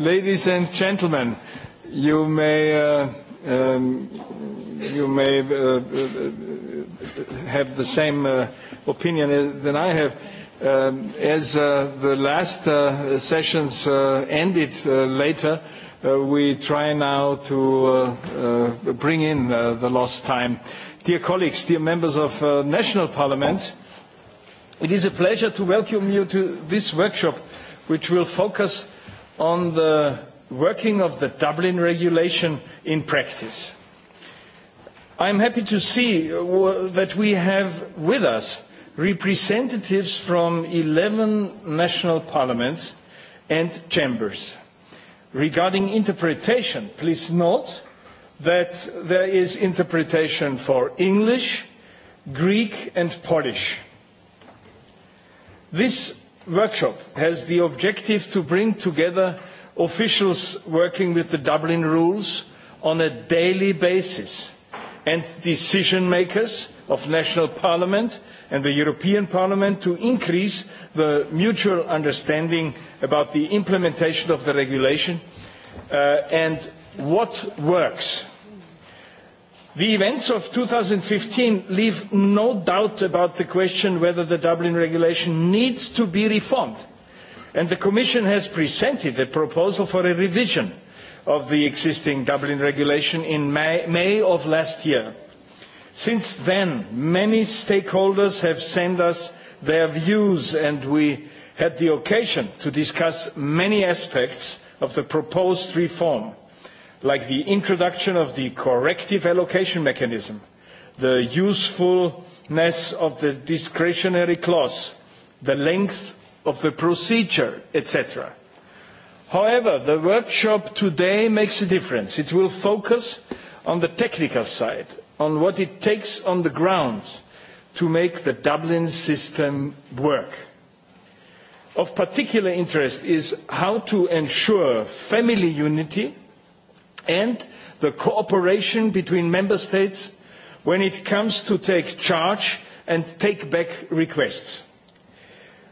Ladies and gentlemen, you may, have the same opinion than I have. as the last sessions ended later, we try now to bring in the lost time. Dear colleagues, dear members of national parliaments, it is a pleasure to welcome you to this workshop, which will focus on the working of the Dublin regulation in practice. I am happy to see that we have with us representatives from eleven national parliaments and chambers. Regarding interpretation, please note that there is interpretation for English, Greek and Polish. This workshop has the objective to bring together officials working with the Dublin rules on a daily basis and decision makers of national parliament and the European Parliament to increase the mutual understanding about the implementation of the regulation and what works The events of fifteen leave no doubt about the question whether the Dublin regulation needs to be reformed. And the Commission has presented a proposal for a revision of the existing Dublin regulation in May, May of last year. Since then, many stakeholders have sent us their views and we had the occasion to discuss many aspects of the proposed reform like the introduction of the corrective allocation mechanism, the usefulness of the discretionary clause, the length of the procedure, etc. However, the workshop today makes a difference. It will focus on the technical side, on what it takes on the ground to make the Dublin system work. Of particular interest is how to ensure family unity and the cooperation between member states when it comes to take charge and take back requests.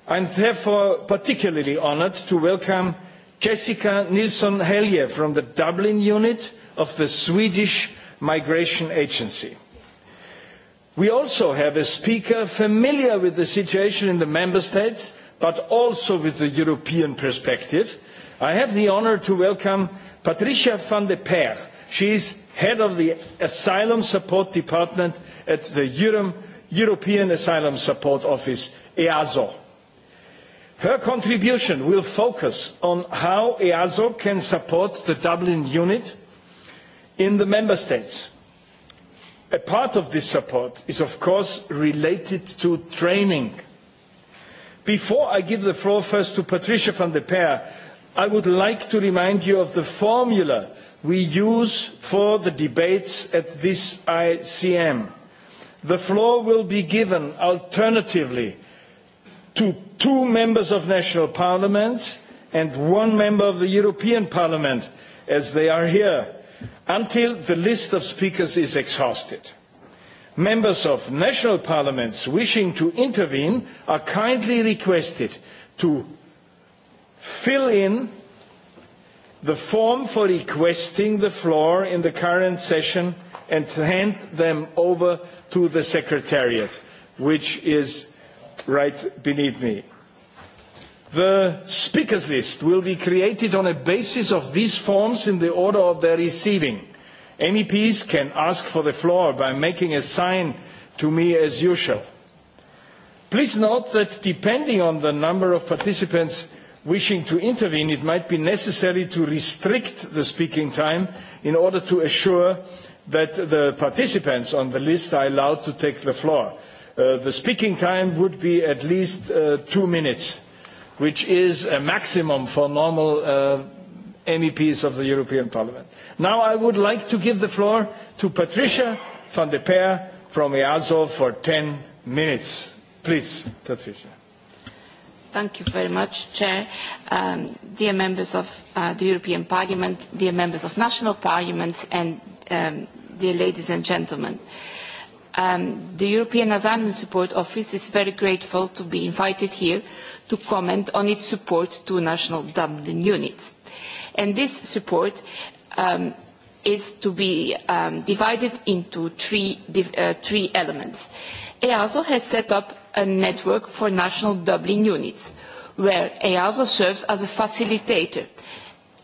I am therefore particularly honoured to welcome Jessica Nilsson Helge from the Dublin unit of the Swedish Migration Agency. We also have a speaker familiar with the situation in the Member States, but also with the European perspective, I have the honor to welcome Patricia van de Peer. She is head of the Asylum Support Department at the European Asylum Support Office, EASO. Her contribution will focus on how EASO can support the Dublin unit in the Member States. A part of this support is, of course, related to training. Before I give the floor first to Patricia van der Peer I would like to remind you of the formula we use for the debates at this ICM. The floor will be given alternatively to two members of national parliaments and one member of the European Parliament, as they are here, until the list of speakers is exhausted. Members of national parliaments wishing to intervene are kindly requested to fill in the form for requesting the floor in the current session and hand them over to the Secretariat, which is right beneath me. The speakers list will be created on a basis of these forms in the order of their receiving. MEPs can ask for the floor by making a sign to me as usual. Please note that depending on the number of participants, wishing to intervene, it might be necessary to restrict the speaking time in order to assure that the participants on the list are allowed to take the floor. the speaking time would be at least two minutes, which is a maximum for normal MEPs of the European Parliament. Now I would like to give the floor to Patricia van de Peer from EASO for ten minutes. Please, Patricia. Thank you very much, Chair. Um, dear members of uh, the European Parliament, dear members of national parliaments, and um, dear ladies and gentlemen. Um, the European Asylum Support Office is very grateful to be invited here to comment on its support to national Dublin units. And this support um, is to be um, divided into three, uh, three elements. EASO has set up a network for national Dublin units, where EASO serves as a facilitator,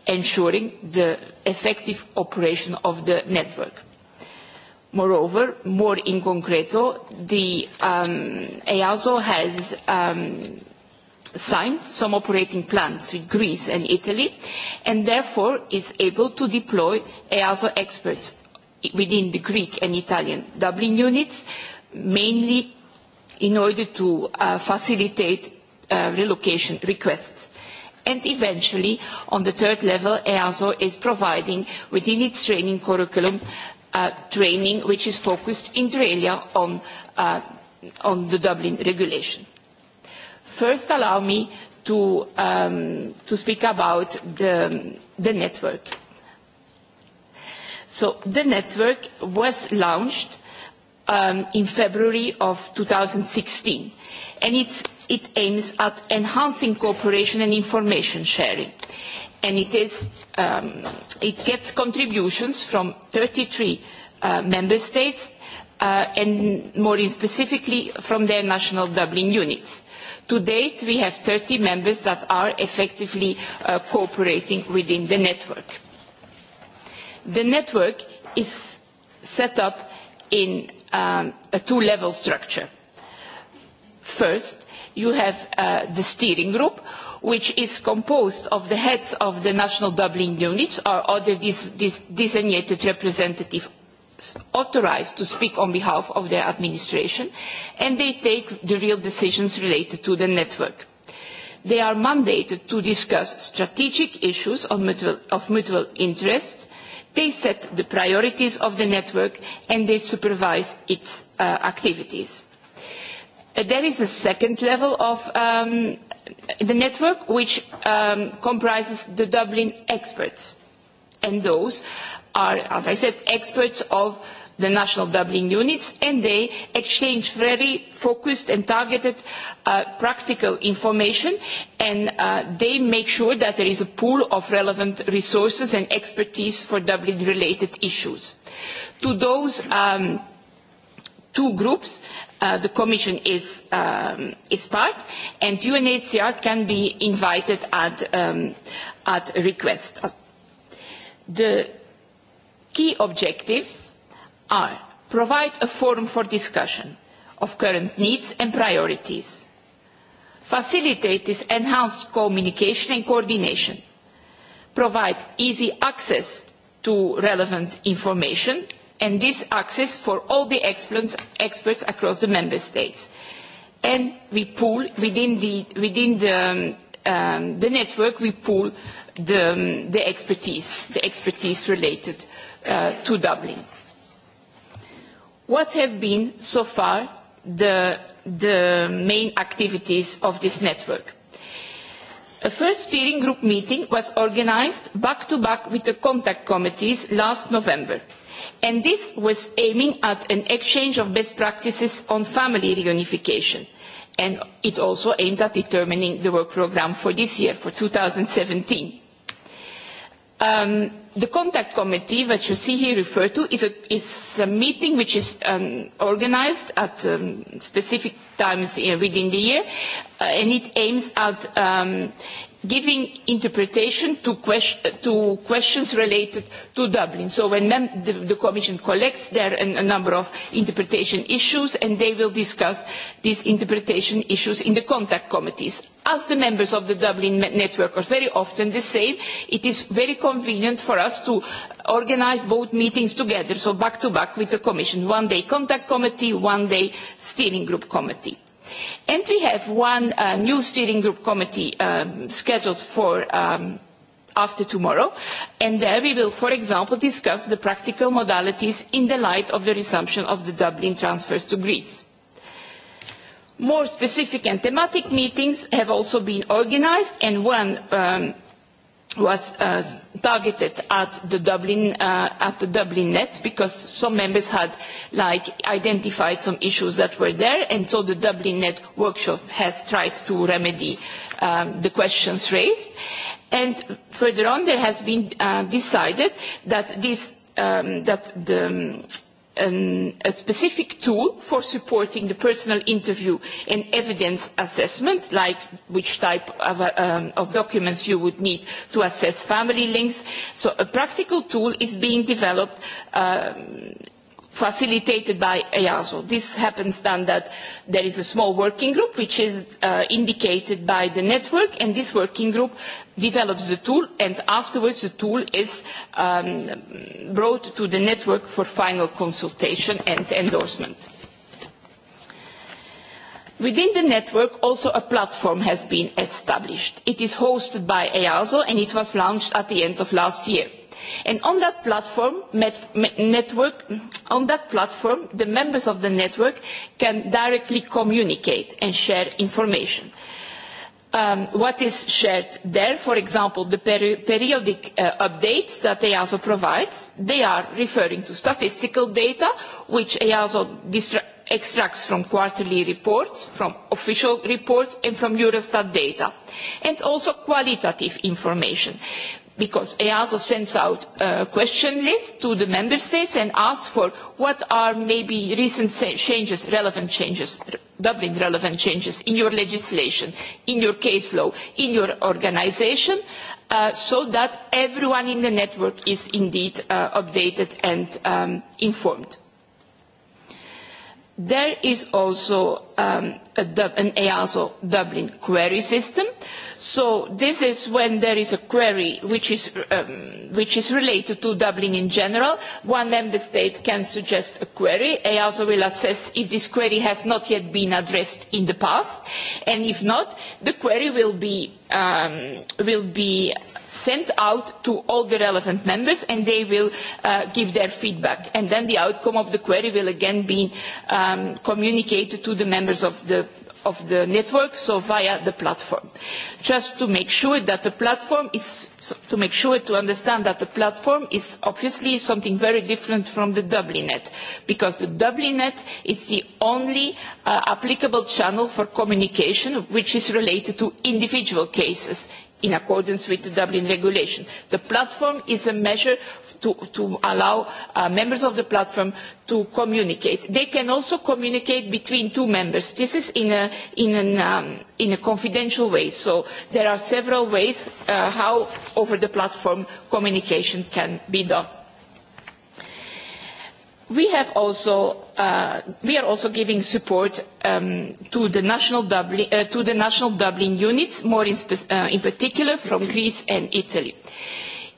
ensuring the effective operation of the network. Moreover, more in concreto, the EASO has signed some operating plans with Greece and Italy, and therefore is able to deploy EASO experts within the Greek and Italian Dublin units, mainly in order to facilitate relocation requests. And eventually, on the third level, EASO is providing within its training curriculum training which is focused in Australia on, the Dublin regulation. First, allow me to, speak about the, the network. So the network was launched in February of 2016, and it's, it aims at enhancing cooperation and information sharing. And it, is, um, it gets contributions from 33 uh, member states uh, and more specifically from their national Dublin units. To date, we have 30 members that are effectively uh, cooperating within the network. The network is set up in a two-level structure. First, you have the steering group, which is composed of the heads of the national Dublin units or other designated representatives authorised to speak on behalf of their administration, and they take the real decisions related to the network. They are mandated to discuss strategic issues of mutual interest They set the priorities of the network and they supervise its activities. There is a second level of the network which comprises the Dublin experts. And those are, as I said, experts of the national Dublin units, and they exchange very focused and targeted practical information, and they make sure that there is a pool of relevant resources and expertise for Dublin-related issues. To those two groups, the Commission is, part, and UNHCR can be invited at, request. The key objectives are provide a forum for discussion of current needs and priorities, facilitate this enhanced communication and coordination, provide easy access to relevant information, and this access for all the experts across the member states. And we pool within the, within the, um, the network, we pool the, the expertise, the expertise related uh, to Dublin. What have been so far the, the main activities of this network? A first steering group meeting was organised back to back with the contact committees last November, and this was aiming at an exchange of best practices on family reunification. And it also aimed at determining the work programme for this year, for seventeen Um, the contact committee that you see here referred to is a, is a meeting which is um, organized at um, specific times in, within the year, uh, and it aims at um, giving interpretation to, question, to questions related to Dublin. So when mem- the, the Commission collects there an, a number of interpretation issues, and they will discuss these interpretation issues in the contact committees as the members of the Dublin network are very often the same, it is very convenient for us to organise both meetings together, so back to back with the Commission, one day contact committee, one day steering group committee. And we have one uh, new steering group committee um, scheduled for um, after tomorrow, and there we will, for example, discuss the practical modalities in the light of the resumption of the Dublin transfers to Greece More specific and thematic meetings have also been organised and one um, was uh, targeted at the Dublin uh, at the Dublin net because some members had like identified some issues that were there and so the Dublin net workshop has tried to remedy um, the questions raised and further on there has been uh, decided that this um, that the a specific tool for supporting the personal interview and evidence assessment, like which type of, documents you would need to assess family links. So a practical tool is being developed facilitated by EASO. This happens then that there is a small working group which is indicated by the network and this working group develops the tool and afterwards the tool is brought to the network for final consultation and endorsement. Within the network, also a platform has been established. It is hosted by EASO and it was launched at the end of last year. And on that platform, network, on that platform, the members of the network can directly communicate and share information what is shared there, for example, the periodic updates that EASO provides, they are referring to statistical data, which EASO extracts from quarterly reports, from official reports, and from Eurostat data, and also qualitative information because EASO sends out a question list to the member states and asks for what are maybe recent changes, relevant changes, Dublin relevant changes in your legislation, in your case law, in your organisation, so that everyone in the network is indeed updated and informed. There is also an EASO Dublin query system uh, So this is when there is a query which is, related to Dublin in general. One member state can suggest a query. EASO will assess if this query has not yet been addressed in the past. And if not, the query will be, sent out to all the relevant members and they will give their feedback. And then the outcome of the query will again be communicated to the members of the of the network, so via the platform. Just to make sure that the platform is, to make sure to understand that the platform is obviously something very different from the Dublinet, because the Dublinet is the only applicable channel for communication which is related to individual cases in accordance with the Dublin regulation. The platform is a measure to, allow members of the platform to communicate. They can also communicate between two members. This is in a, confidential way. So there are several ways how over the platform communication can be done We have also uh, we are also giving support um, to the national Dublin uh, to the national Dublin units, more in, uh, in particular from Greece and Italy.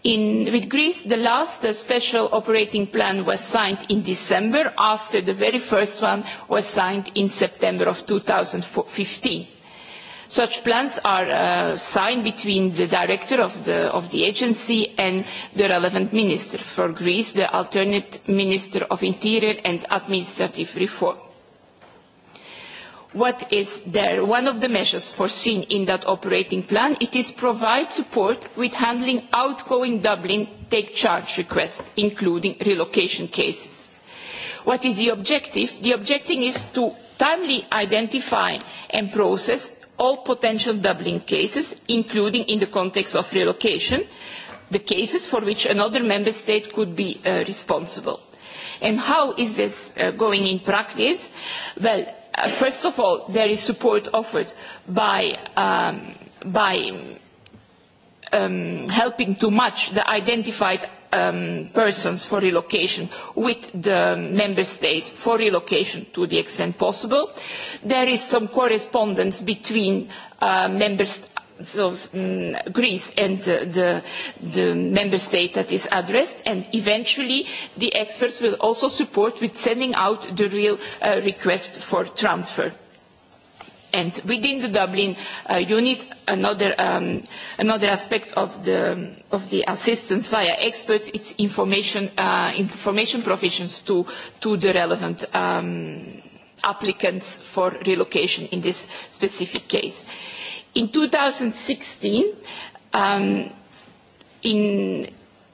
In, with Greece, the last uh, special operating plan was signed in December after the very first one was signed in September of 2015 Such plans are signed between the director of the, agency and the relevant minister. For Greece, the alternate minister of interior and administrative reform. What is there? One of the measures foreseen in that operating plan, it is provide support with handling outgoing Dublin take charge requests, including relocation cases. What is the objective? The objective is to timely identify and process all potential Dublin cases, including in the context of relocation, the cases for which another member state could be responsible. And how is this going in practice? Well, first of all, there is support offered by, helping to match the identified persons for relocation with the member state for relocation to the extent possible. There is some correspondence between member Greece and the, the member state that is addressed, and eventually the experts will also support with sending out the real request for transfer And within the Dublin uh, unit, another, um, another aspect of the, of the assistance via experts, it's information, uh, information provisions to, to the relevant um, applicants for relocation in this specific case. In 2016, um, in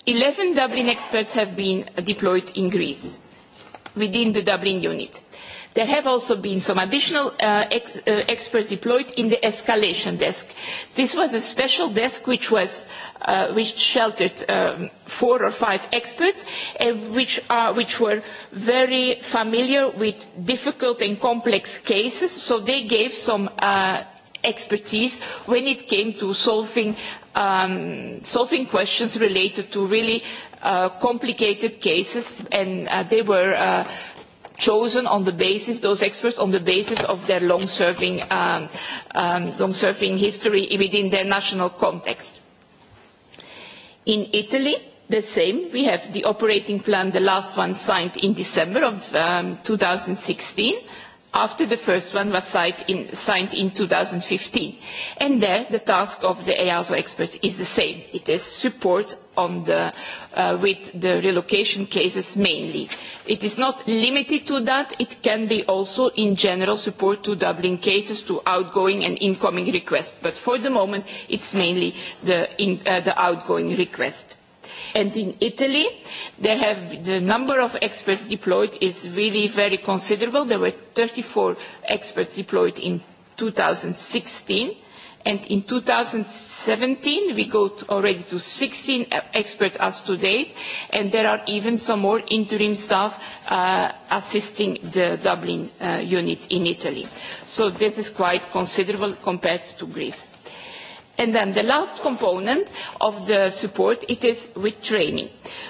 11 Dublin experts have been deployed in Greece within the Dublin unit There have also been some additional uh, ex uh, experts deployed in the escalation desk. This was a special desk which was uh, which sheltered um, four or five experts and which, are, which were very familiar with difficult and complex cases, so they gave some uh, expertise when it came to solving, um, solving questions related to really uh, complicated cases, and uh, they were uh, chosen on the basis, those experts on the basis of their long-serving um, um, long-serving history within their national context. In Italy, the same. We have the operating plan, the last one signed in December of um, 2016, after the first one was signed in, signed in 2015. And there, the task of the EASO experts is the same. It is support on the, with the relocation cases mainly. It is not limited to that. It can be also in general support to Dublin cases, to outgoing and incoming requests. But for the moment, it is mainly the, in, uh, the outgoing request. And in Italy, they have the number of experts deployed is really very considerable. There were 34 experts deployed in 2016 and in 2017 we go to already to 16 experts as to date and there are even some more interim staff uh, assisting the Dublin uh, unit in Italy. So this is quite considerable compared to Greece. And then the last component of the support, it is with training.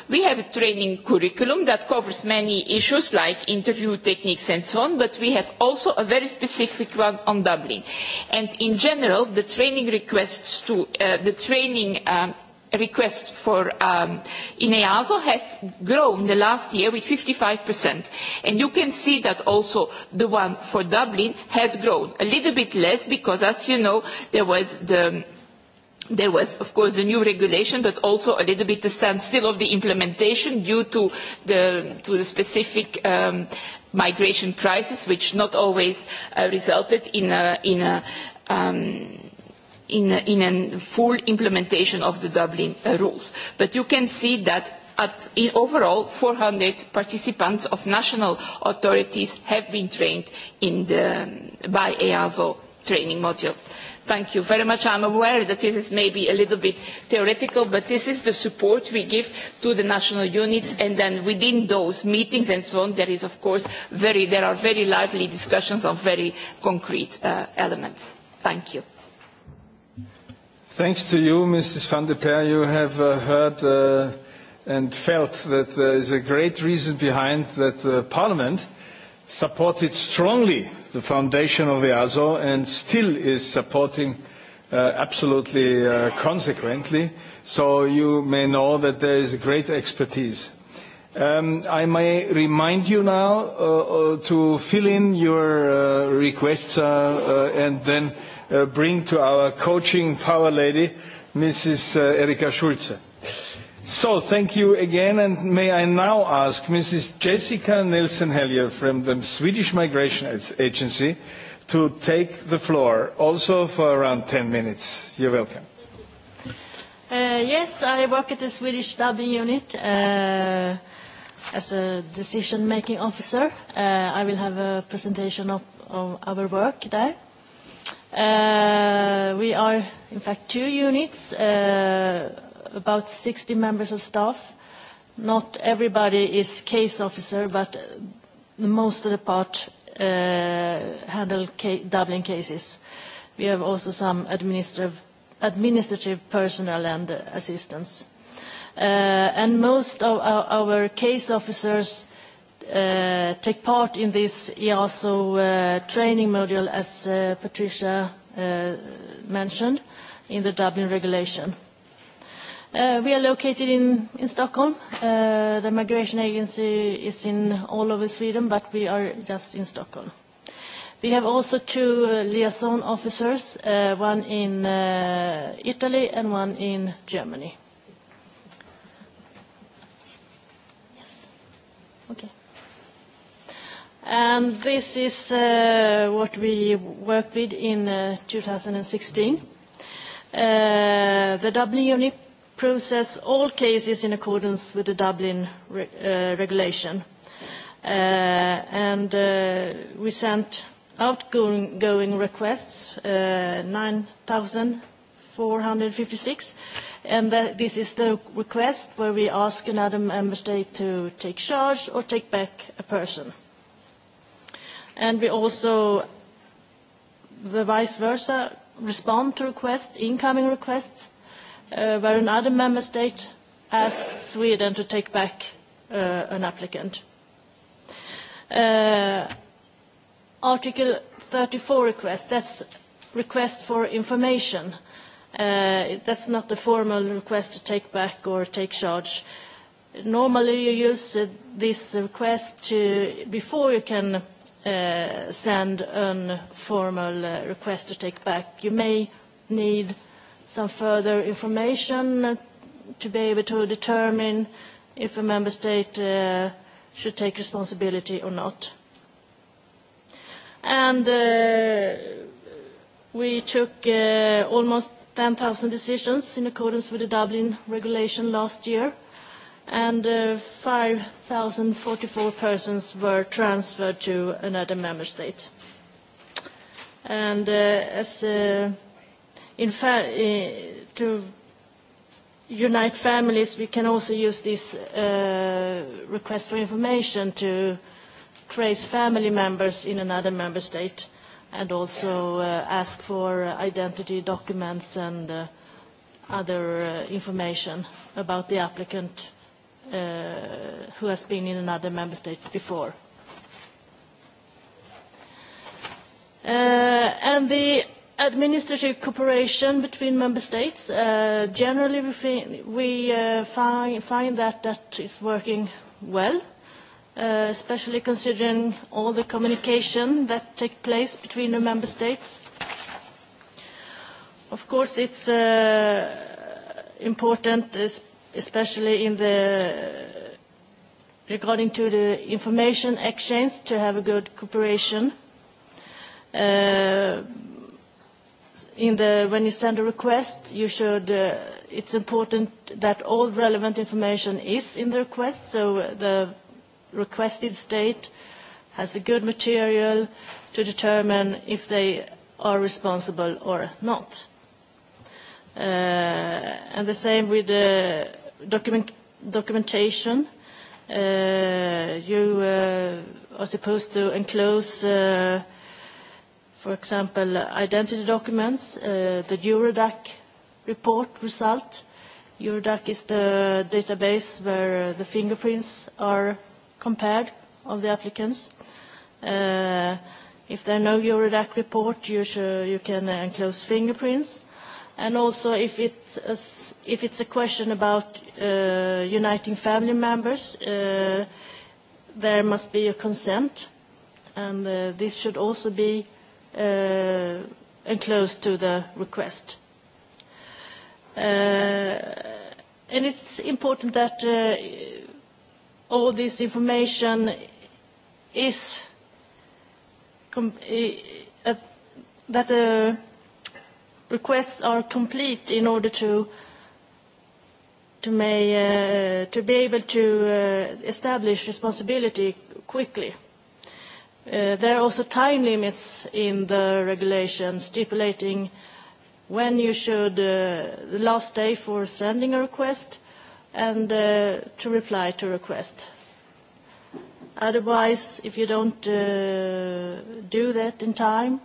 We have a training curriculum that covers many issues like interview techniques and so on, but we have also a very specific one on Dublin. And in general, the training requests to, uh, the training um, requests for um, in EASO have grown the last year with 55%. And you can see that also the one for Dublin has grown a little bit less because, as you know, there was the there was, of course, the new regulation, but also a little bit the standstill of the implementation due to the, to the specific um, migration crisis, which not always uh, resulted in a, in a um, in, in a full implementation of the Dublin uh, rules. But you can see that at in overall 400 participants of national authorities have been trained in the, by EASO training module. Thank you very much. I'm aware that this is maybe a little bit theoretical, but this is the support we give to the national units, and then within those meetings and so on, there is of course very, there are very lively discussions on very concrete uh, elements. Thank you. Thanks to you, Mrs. van der Peer. You have uh, heard uh, and felt that there is a great reason behind that uh, Parliament supported strongly the foundation of EASO and still is supporting absolutely consequently. So you may know that there is great expertise. I may remind you now to fill in your requests and then bring to our coaching power lady, Mrs. Erika Schulze. So thank you again, and may I now ask Mrs. Jessica Nielsen-Hellier from the Swedish Migration Agency to take the floor, also for around 10 minutes. You're welcome. Uh, yes, I work at the Swedish Dublin unit uh, as a decision-making officer. Uh, I will have a presentation of, of our work there. Uh, we are, in fact, two units. Uh, about 60 members of staff. Not everybody is case officer, but most of the part handle Dublin cases. We have also some administrative personnel and assistants. And most of our case officers take part in this EASO training module, as Patricia mentioned, in the Dublin regulation Uh, we are located in, in Stockholm. Uh, the migration agency is in all over Sweden, but we are just in Stockholm. We have also two uh, liaison officers, uh, one in uh, Italy and one in Germany. Yes. Okay. And this is uh, what we worked with in uh, 2016. Uh, the Dublin unit process all cases in accordance with the Dublin regulation. and we sent outgoing requests, uh, 9,456, and that this is the request where we ask another member state to take charge or take back a person. And we also, the vice versa, respond to requests, incoming requests, where another member state asks Sweden to take back an applicant. Article thirty four request, that's request for information. That's not a formal request to take back or take charge. Normally, you use this request to before you can send a formal request to take back. You may need some further information to be able to determine if a member state uh, should take responsibility or not. And uh, we took uh, almost 10,000 decisions in accordance with the Dublin regulation last year, and uh, 5,044 persons were transferred to another member state. And uh, as uh, in fa uh, to unite families, we can also use this uh, request for information to trace family members in another member state and also uh, ask for identity documents and uh, other uh, information about the applicant uh, who has been in another member state before. Uh, and the administrative cooperation between member states. Uh, generally, we, we uh, find, find that that is working well, uh, especially considering all the communication that takes place between the member states. Of course, it's uh, important, especially in the regarding to the information exchange, to have a good cooperation. Uh, in the, when you send a request, you should, uh, it's important that all relevant information is in the request, so the requested state has a good material to determine if they are responsible or not. Uh, and the same with the document, documentation. Uh, you uh, are supposed to enclose uh, for example, identity documents, uh, the Eurodac report result. Eurodac is the database where the fingerprints are compared of the applicants. Uh, if there are no Eurodac report, you, should, you can enclose fingerprints. And also, if it's a, if it's a question about uh, uniting family members, uh, there must be a consent, and uh, this should also be uh, enclosed to the request. Uh, and it's important that uh, all this information is com uh, that the requests are complete in order to to may uh, to be able to uh, establish responsibility quickly There are also time limits in the regulation stipulating when you should, the last day for sending a request and to reply to request. Otherwise, if you don't do that in time,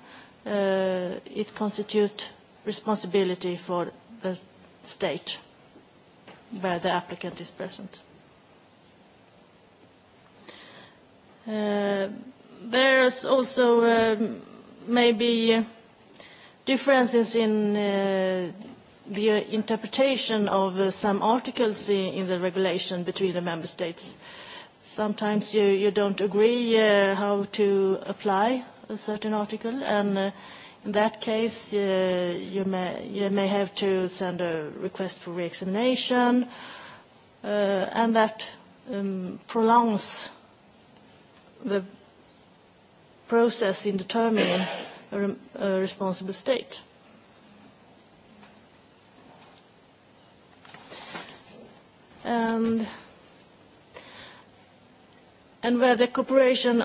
it constitutes responsibility for the state where the applicant is present There's also maybe differences in the interpretation of some articles in the regulation between the member states. Sometimes you you don't agree how to apply a certain article, and in that case, you may have to send a request for re-examination, and that prolongs the process in determining a, a responsible state. And, and where the cooperation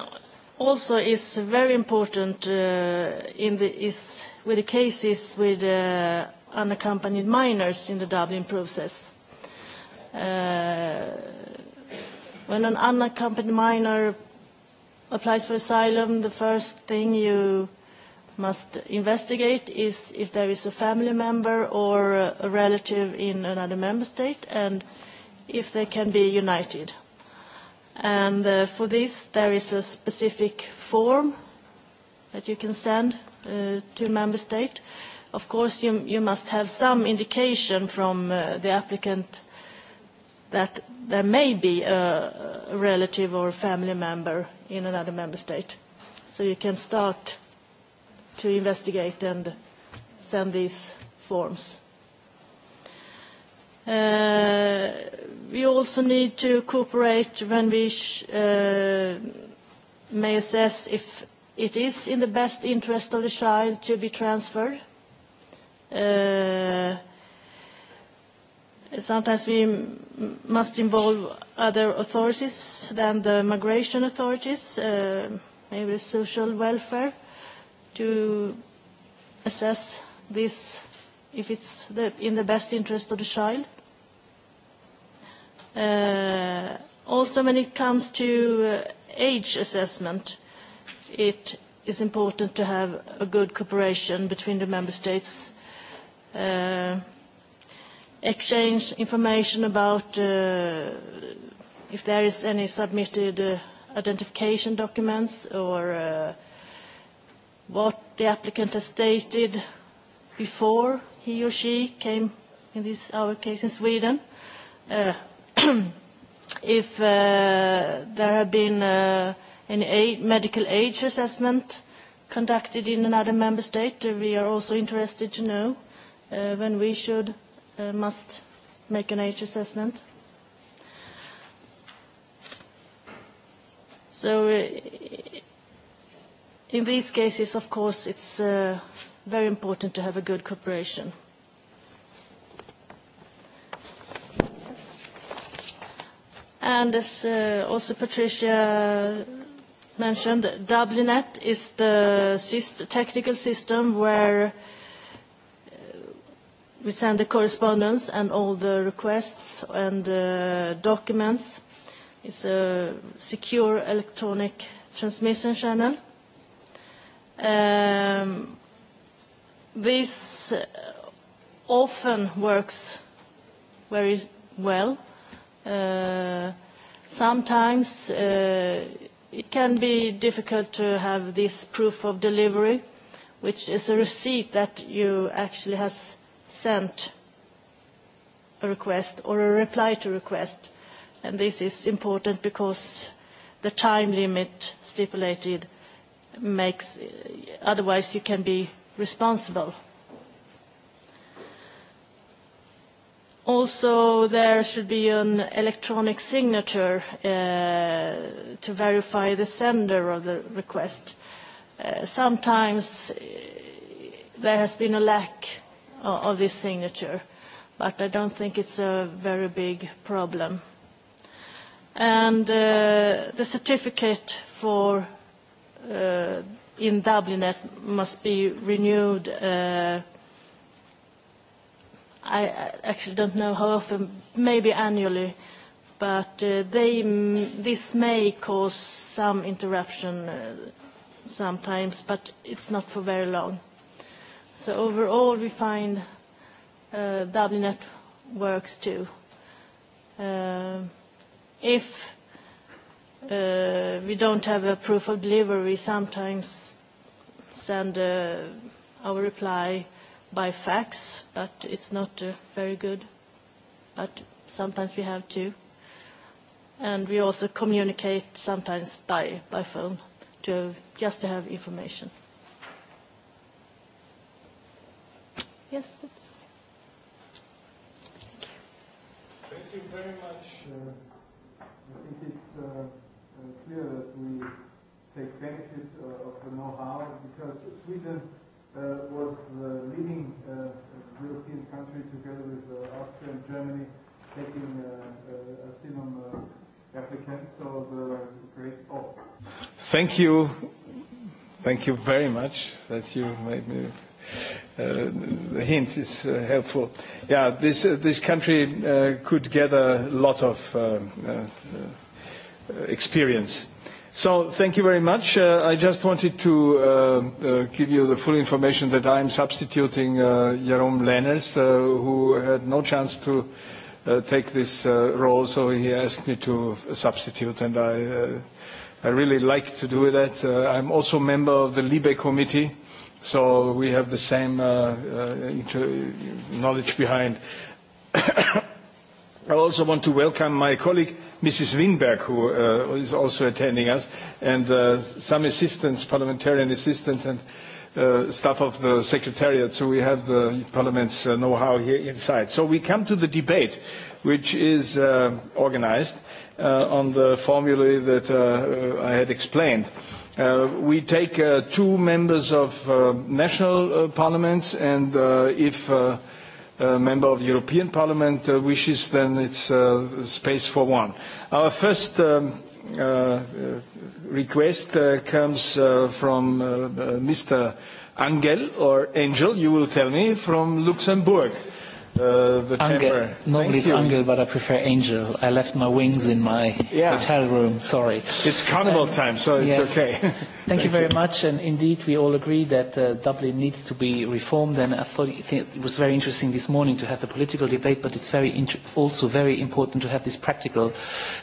also is very important uh, in the, is with the cases with uh, unaccompanied minors in the Dublin process. Uh, when an unaccompanied minor applies for asylum, the first thing you must investigate is if there is a family member or a relative in another member state and if they can be united. And uh, for this, there is a specific form that you can send uh, to member state. Of course, you, you must have some indication from uh, the applicant that there may be a relative or family member in another member state. So you can start to investigate and send these forms. Uh, we also need to cooperate when we sh uh, may assess if it is in the best interest of the child to be transferred. Uh, sometimes we must involve other authorities than the migration authorities, uh, maybe social welfare, to assess this if it's the, in the best interest of the child. Uh, also, when it comes to uh, age assessment, it is important to have a good cooperation between the member states. Uh, exchange information about uh, if there is any submitted uh, identification documents or uh, what the applicant has stated before he or she came, in this our case in Sweden, uh, if uh, there have been uh, any aid, medical age assessment conducted in another member state, uh, we are also interested to know uh, when we should uh, must make an age assessment. So uh, in these cases, of course, it's uh, very important to have a good cooperation. And as uh, also Patricia mentioned, Dublinet is the syst technical system where uh, we send the correspondence and all the requests and uh, documents. It's a secure electronic transmission channel. Um, this often works very well. Uh, sometimes uh, it can be difficult to have this proof of delivery, which is a receipt that you actually has sent a request or a reply to request. And this is important because the time limit stipulated makes, otherwise you can be responsible. Also, there should be an electronic signature to verify the sender of the request. Sometimes there has been a lack of this signature, but I don't think it's a very big problem. And the certificate for uh in Dublinet must be renewed. Uh, I actually don't know how often, maybe annually, but uh, they, this may cause some interruption uh, sometimes, but it's not for very long. So overall, we find uh, Dublinet works too. Uh, if uh, we don't have a proof of delivery, sometimes send uh, our reply by fax, but it's not uh, very good. But sometimes we have to. And we also communicate sometimes by, by phone to just to have information. Yes, that's. Thank you. Thank you very much. Uh, I think it's uh, uh, clear that we take benefit uh, of the know-how because Sweden uh, was the leading uh, European country together with uh, Austria and Germany taking uh, uh, asylum uh, applicants. So the great. Oh. Thank you Thank you very much that you made me. Uh, the hint is uh, helpful. Yeah, this uh, this country uh, could gather a lot of uh, uh, experience. So thank you very much. Uh, I just wanted to uh, uh, give you the full information that I'm substituting uh, Jerome Lenners, uh, who had no chance to uh, take this uh, role, so he asked me to substitute, and I. Uh, I really like to do that. Uh, I'm also a member of the LIBE committee, so we have the same uh, uh, knowledge behind. I also want to welcome my colleague, Mrs. Winberg, who uh, is also attending us, and uh, some assistants, parliamentarian assistants, and uh, staff of the Secretariat, so we have the Parliament's uh, know-how here inside. So we come to the debate. Uh, which is uh, organized uh, on the formulae that uh, I had explained. Uh, we take uh, two members of uh, national uh, parliaments, and uh, if uh, a member of the European Parliament uh, wishes, then it's uh, space for one. Our first um, uh, request uh, comes uh, from uh, uh, Mr. Angel, or Angel, you will tell me, from Luxembourg uh, the Angel. chamber. Normally it's Angel, but I prefer Angel. I left my wings in my yeah. hotel room, sorry. It's carnival um, time, so it's yes. okay. Thank, Thank you very you. much, and indeed we all agree that uh, Dublin needs to be reformed, and I thought it was very interesting this morning to have the political debate, but it's very int also very important to have this practical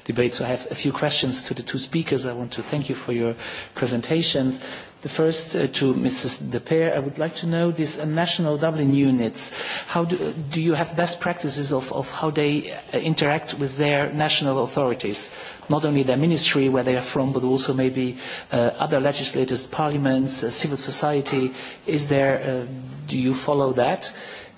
debate. So I have a few questions to the two speakers. I want to thank you for your presentations The first uh, to Mrs. Depere, I would like to know these uh, national Dublin units. How do, do you have best practices of, of how they uh, interact with their national authorities? Not only their ministry, where they are from, but also maybe uh, other legislators, parliaments, uh, civil society. Is there, uh, do you follow that? Uh,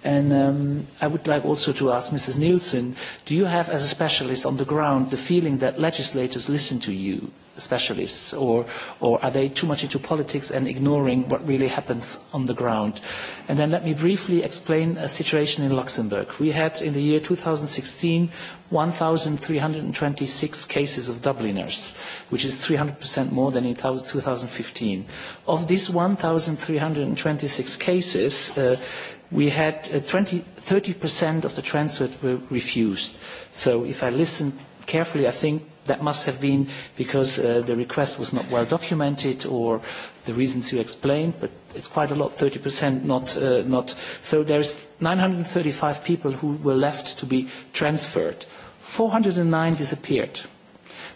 And um, I would like also to ask Mrs. Nielsen, do you have, as a specialist on the ground, the feeling that legislators listen to you, specialists, or, or are they too much into politics and ignoring what really happens on the ground? And then let me briefly explain a situation in Luxembourg. We had, in the year 2016, 1,326 cases of Dubliners, which is 300% more than in 2015. Of these 1,326 cases, uh, we had uh, 20, 30% of the transfers were refused. So if I listen carefully, I think that must have been because uh, the request was not well documented or the reasons you explained, but it's quite a lot, 30% not, uh, not. So there's 935 people who were left to be transferred. 409 disappeared.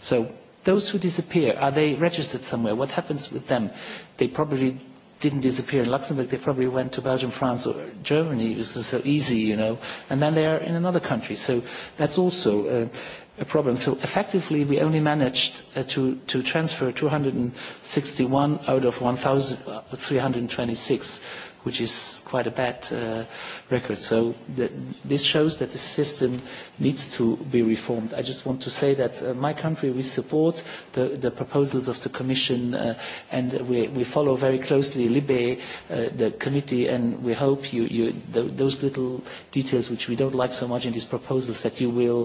So those who disappear, are they registered somewhere? What happens with them? They probably didn't disappear in Luxembourg. They probably went to Belgium, France, or Germany. It was so easy, you know. And then they are in another country. So that's also a, a problem. So effectively, we only managed uh, to, to transfer 261 out of 1,326 which is quite a bad uh, record. So th this shows that the system needs to be reformed. I just want to say that uh, my country, we support the, the proposals of the Commission uh, and we, we follow very closely LIBE, uh, the committee, and we hope you, you th those little details which we don't like so much in these proposals that you will,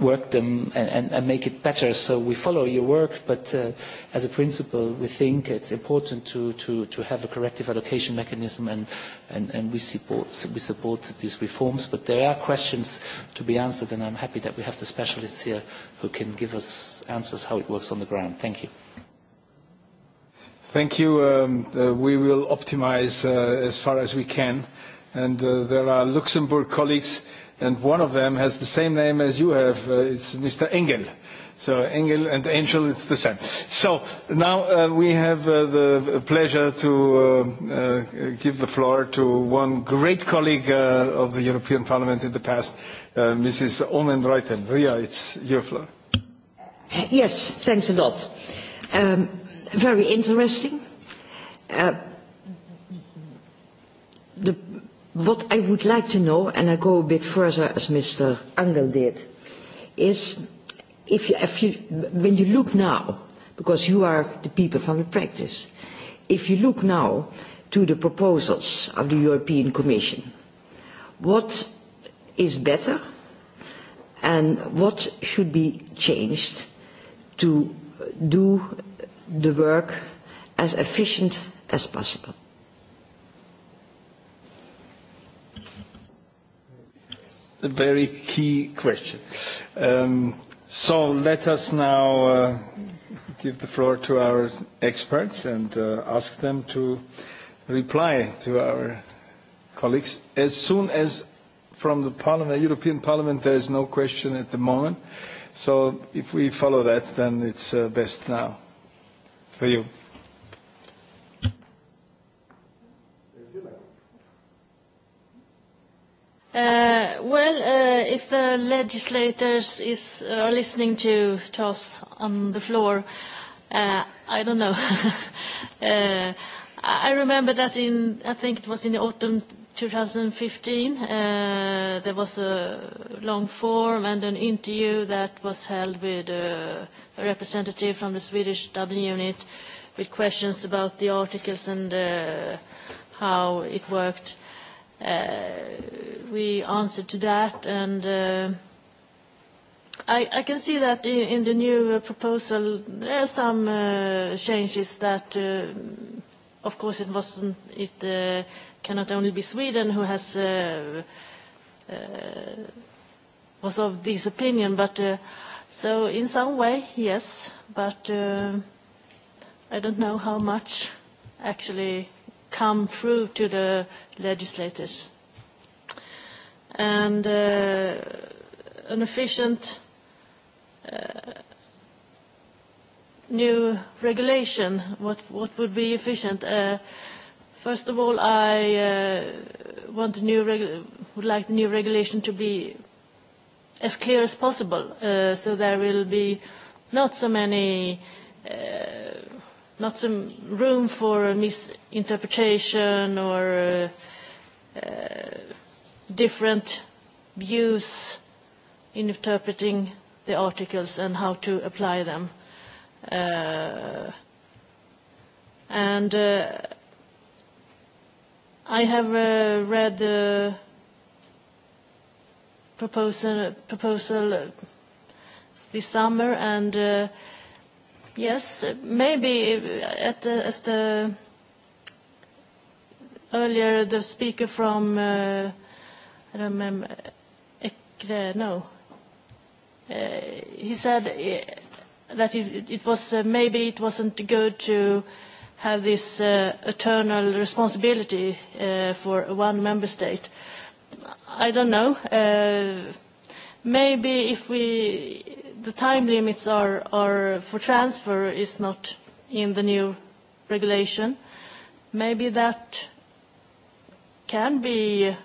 work them and, and, and make it better. So we follow your work, but uh, as a principle, we think it's important to, to, to have a corrective allocation mechanism, and, and, and we, support, we support these reforms. But there are questions to be answered, and I'm happy that we have the specialists here who can give us answers how it works on the ground. Thank you. Thank you. Um, uh, we will optimize uh, as far as we can. And uh, there are Luxembourg colleagues and one of them has the same name as you have. Uh, it's Mr. Engel. So Engel and Angel, it's the same. So now uh, we have uh, the pleasure to uh, uh, give the floor to one great colleague uh, of the European Parliament in the past, uh, Mrs. Omen Reiten. Ria, it's your floor. Yes, thanks a lot. Um, very interesting. Uh, What I would like to know, and I go a bit further as Mr. Angel did, is if you, if you, when you look now, because you are the people from the practice, if you look now to the proposals of the European Commission, what is better and what should be changed to do the work as efficient as possible? a very key question. So let us now give the floor to our experts and ask them to reply to our colleagues. As soon as from the parliament, European Parliament, there is no question at the moment. So if we follow that, then it's best now for you. Well, if the legislators is are listening to us on the floor, uh I don't know. I remember that in, I think it was in the autumn 2015, there was a long form and an interview that was held with a representative from the Swedish Dublin unit with questions about the articles and uh how it worked we answered to that, and I can see that in the new proposal, there are some changes that, of course, it wasn't, it cannot only be Sweden who has was of this opinion, but so in some way, yes, but I don't know how much actually come through to the legislators. And uh, an efficient uh, new regulation, what, what would be efficient? Uh, first of all, I uh, want a new would like the new regulation to be as clear as possible, uh, so there will be not so many uh, not some room for a misinterpretation or uh, different views in interpreting the articles and how to apply them. Uh, and uh, I have uh, read the proposal, proposal this summer and uh, Yes, maybe at the, as the earlier the speaker from, uh, I don't remember, ECRE, no, uh, he said that it, it was uh, maybe it wasn't good to have this uh, eternal responsibility uh, for one member state. I don't know. Uh, maybe if we the time limits are, are for transfer is not in the new regulation, maybe that can be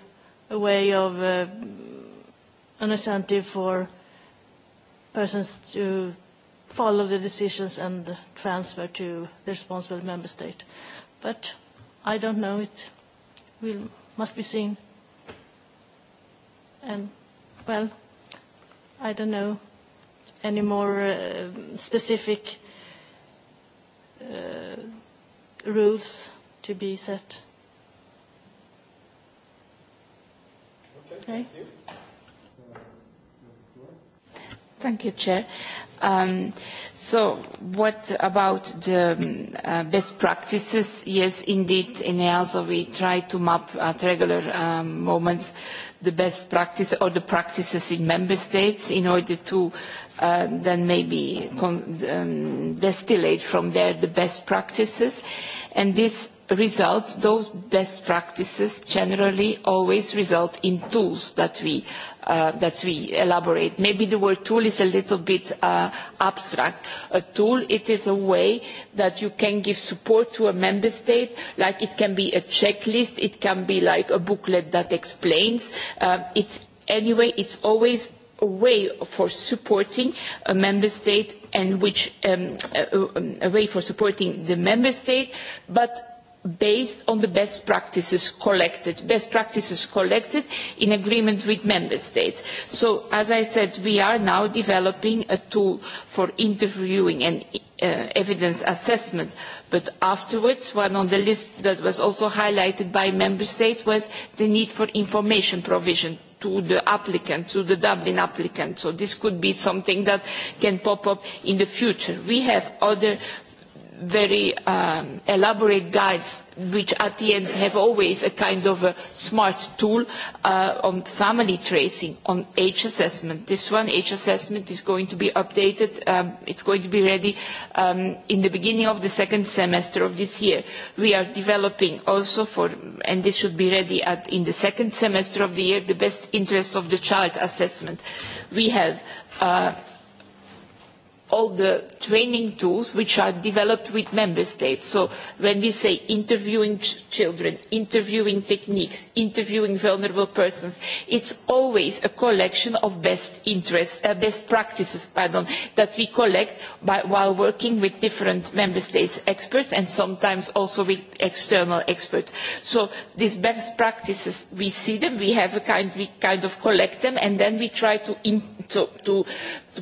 a way of an incentive for persons to follow the decisions and transfer to the responsible member state. But I don't know. It will must be seen. And well, I don't know any more uh, specific uh, rules to be set? Okay. Thank you, Chair. Um, so what about the uh, best practices? Yes, indeed, in EASO we try to map at regular um, moments the best practice or the practices in member states in order to uh, uh, then maybe con- um, distillate from there the best practices. And this results, those best practices generally always result in tools that we that we elaborate. Maybe the word tool is a little bit abstract. A tool, it is a way that you can give support to a member state, like it can be a checklist, it can be like a booklet that explains. It's anyway, it's always a way for supporting a member state and which um, a, a way for supporting the member state, but based on the best practices collected, best practices collected in agreement with member states. So, as I said, we are now developing a tool for interviewing and evidence assessment. But afterwards, one on the list that was also highlighted by member states was the need for information provision to the applicant, to the Dublin applicant. So this could be something that can pop up in the future. We have other very um, elaborate guides which at the end have always a kind of a smart tool uh, on family tracing, on age assessment. This one, age assessment, is going to be updated. Um, it's going to be ready um, in the beginning of the second semester of this year. We are developing also for, and this should be ready at, in the second semester of the year, the best interest of the child assessment. We have uh, all the training tools which are developed with member states. So when we say interviewing children, interviewing techniques, interviewing vulnerable persons, it's always a collection of best interests, uh, best practices, pardon, that we collect by, while working with different member states experts and sometimes also with external experts. So these best practices, we see them, we have a kind, we kind of collect them, and then we try to, to, to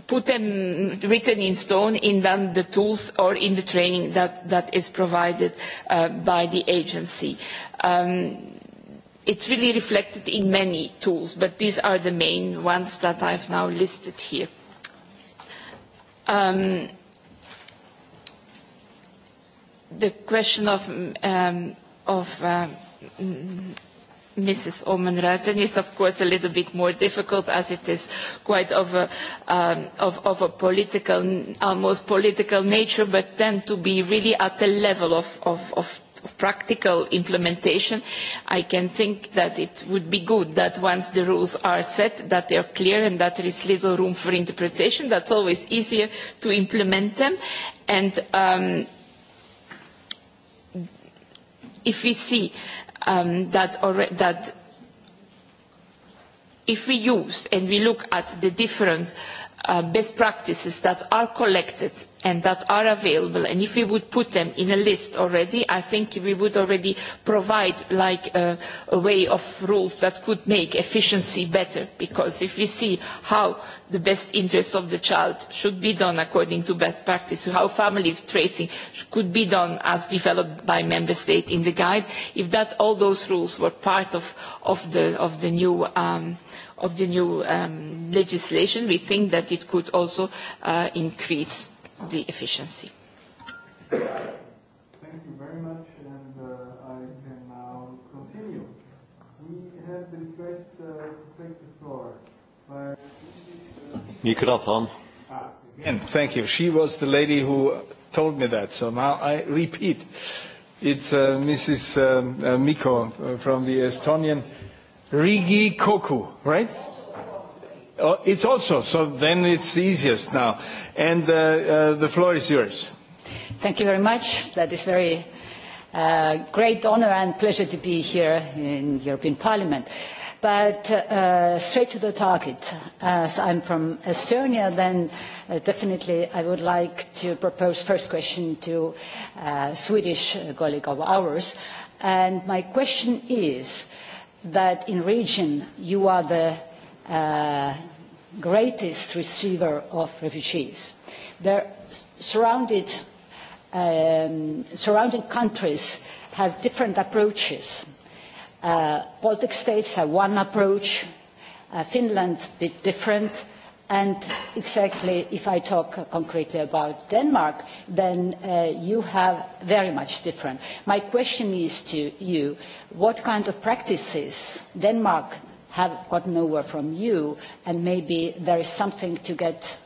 put them written in stone in the tools or in the training that, that is provided by the agency. it's really reflected in many tools, but these are the main ones that I've now listed here. the question of, of Mrs. oomen Ruijten is of course a little bit more difficult as it is quite of a, um, of, of a political, almost political nature, but then to be really at the level of, of, of of practical implementation, I can think that it would be good that once the rules are set, that they are clear and that there is little room for interpretation. That's always easier to implement them. And um, if we see that, already, that if we use and we look at the different best practices that are collected and that are available and if we would put them in a list already i think we would already provide like a, way of rules that could make efficiency better because if we see how the best interests of the child should be done according to best practice how family tracing could be done as developed by member state in the guide if that all those rules were part of, of the of the new um, of the new um, legislation, we think that it could also uh, increase the efficiency. Thank you very much, and uh, I can now continue. We have the request uh, to take the floor. By... Microphone. Ah, again, thank you. She was the lady who told me that, so now I repeat. It's uh, Mrs. Um, uh, Miko from the Estonian Rigi Koku, right? Oh, it's also, so then it's easiest now. And uh, uh, the floor is yours. Thank you very much. That is very uh, great honor and pleasure to be here in European Parliament. But uh, straight to the target, as I'm from Estonia, then uh, definitely I would like to propose first question to a Swedish colleague of ours. And my question is, uh, that in region you are the uh, greatest receiver of refugees. The surrounded, um, surrounding countries have different approaches. Uh, Baltic states have one approach, uh, Finland a bit different, And exactly, if I talk concretely about Denmark, then uh, you have very much different. My question is to you, what kind of practices Denmark have gotten over from you, and maybe there is something to get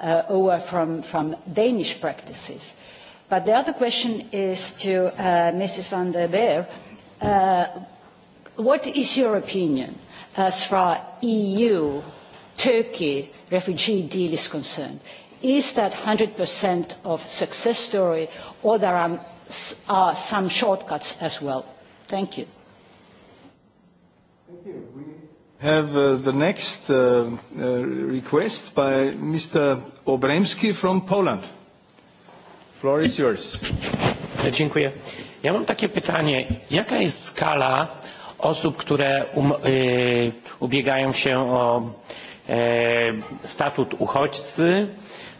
uh, over from, from Danish practices. But the other question is to uh, Mrs. van der Beer. Uh, what is your opinion as far as EU Turkey refugee deal is concerned. Is that 100% of success story or there are, are some shortcuts as well? Thank you. Thank you. We have uh, the next uh, uh, request by Mr. Obremski from Poland. Floor is yours. Dziękuję. Ja mam takie pytanie. Jaka jest skala osób, które um, y, ubiegają się o statut uchodźcy,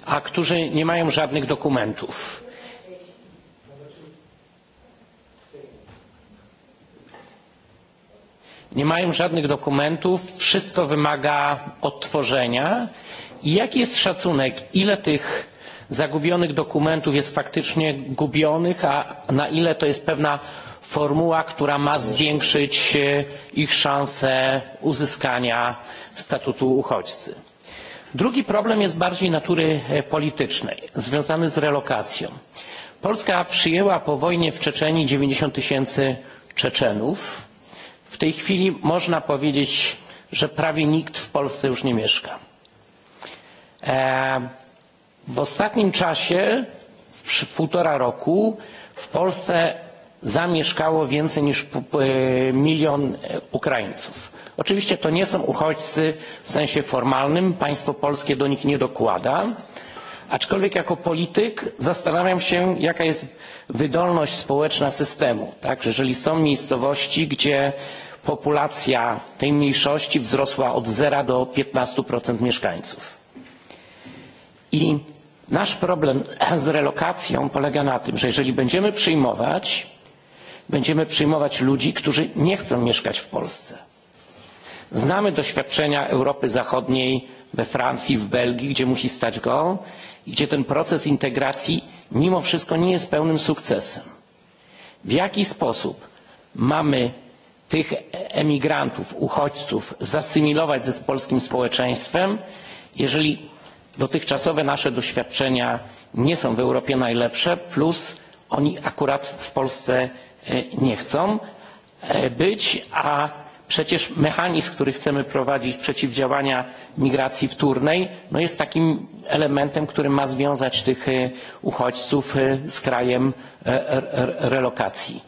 a którzy nie mają żadnych dokumentów. Nie mają żadnych dokumentów, wszystko wymaga odtworzenia. I jaki jest szacunek, ile tych zagubionych dokumentów jest faktycznie gubionych, a na ile to jest pewna formuła, która ma zwiększyć ich szanse uzyskania statusu uchodźcy. Drugi problem jest bardziej natury politycznej, związany z relokacją. Polska przyjęła po wojnie w Czeczenii 90 tysięcy Czeczenów. W tej chwili można powiedzieć, że prawie nikt w Polsce już nie mieszka. W ostatnim czasie, w półtora roku, w Polsce zamieszkało więcej niż milion Ukraińców. Oczywiście to nie są uchodźcy w sensie formalnym, państwo polskie do nich nie dokłada, aczkolwiek jako polityk zastanawiam się, jaka jest wydolność społeczna systemu. Tak? Jeżeli są miejscowości, gdzie populacja tej mniejszości wzrosła od 0 do 15% mieszkańców. I nasz problem z relokacją polega na tym, że jeżeli będziemy przyjmować, będziemy przyjmować ludzi, którzy nie chcą mieszkać w Polsce. Znamy doświadczenia Europy Zachodniej we Francji, w Belgii, gdzie musi stać go i gdzie ten proces integracji mimo wszystko nie jest pełnym sukcesem. W jaki sposób mamy tych emigrantów, uchodźców zasymilować ze z polskim społeczeństwem, jeżeli dotychczasowe nasze doświadczenia nie są w Europie najlepsze, plus oni akurat w Polsce nie chcą być, a przecież mechanizm, który chcemy prowadzić przeciwdziałania migracji wtórnej, no jest takim elementem, który ma związać tych uchodźców z krajem relokacji.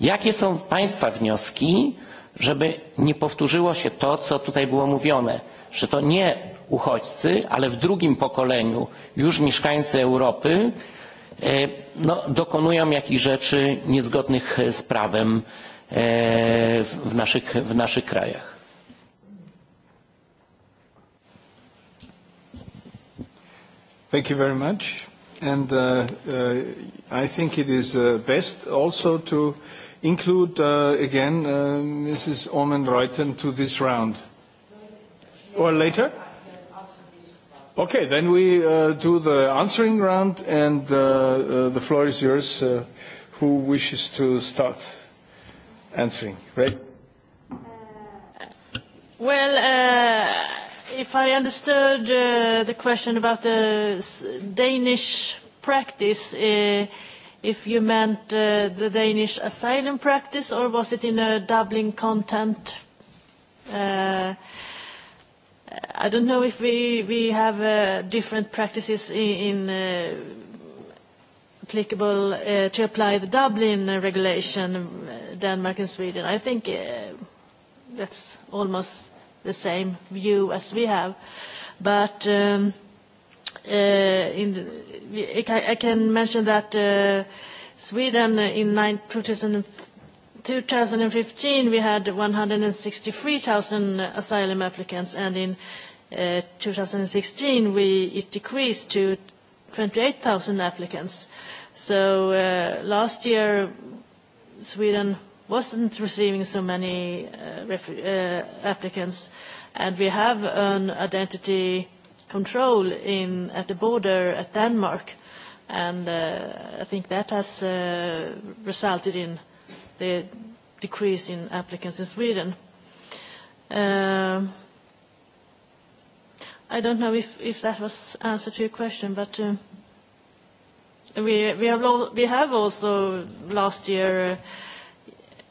Jakie są Państwa wnioski, żeby nie powtórzyło się to, co tutaj było mówione, że to nie uchodźcy, ale w drugim pokoleniu już mieszkańcy Europy no, dokonują jakichś rzeczy niezgodnych z prawem w naszych, w naszych krajach. Thank you very much. And uh, uh, I think it is uh, best also to include uh, again uh, Mrs. Omen Reuten to this round. Or later? Okay, then we uh, do the answering round, and uh, uh, the floor is yours. Uh, who wishes to start answering? Right? Well, uh, if I understood uh, the question about the Danish practice, uh, if you meant uh, the Danish asylum practice, or was it in a Dublin content? Uh, I don't know if we we have uh different practices in in uh applicable uh to apply the Dublin regulation, Denmark and Sweden. I think uh that's almost the same view as we have. But um uh in I can mention that uh Sweden in 2015 2015, we had 163,000 asylum applicants, and in 2016, we, it decreased to 28,000 applicants. So last year, Sweden wasn't receiving so many uh, applicants, and we have an identity control in at the border at Denmark, and uh, I think that has uh, resulted in the decrease in applicants in Sweden. I don't know if if that was answer to your question, but we we have we have also last year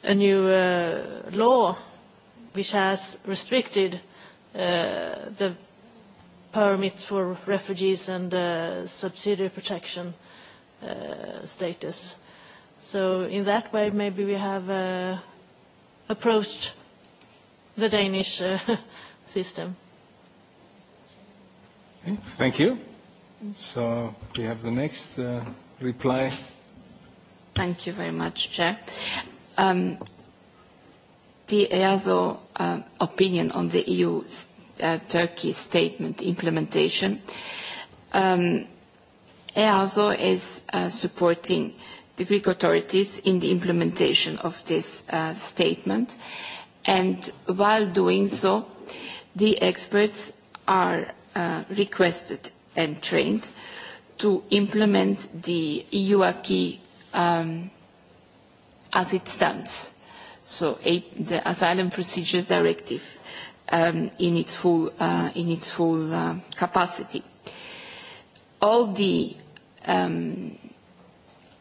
a new uh law which has restricted uh the permit for refugees and subsidiary protection status So in that way, maybe we have uh, approached the Danish uh, system. Thank you. So we have the next uh, reply. Thank you very much, Chair. Um, the EASO uh, opinion on the EU uh, Turkey statement implementation. Um, EASO is uh, supporting the Greek authorities in the implementation of this uh, statement. And while doing so, the experts are uh, requested and trained to implement the EU acquis um, as it stands, so a, the Asylum Procedures Directive um, in its full, uh, in its full uh, capacity. All the um,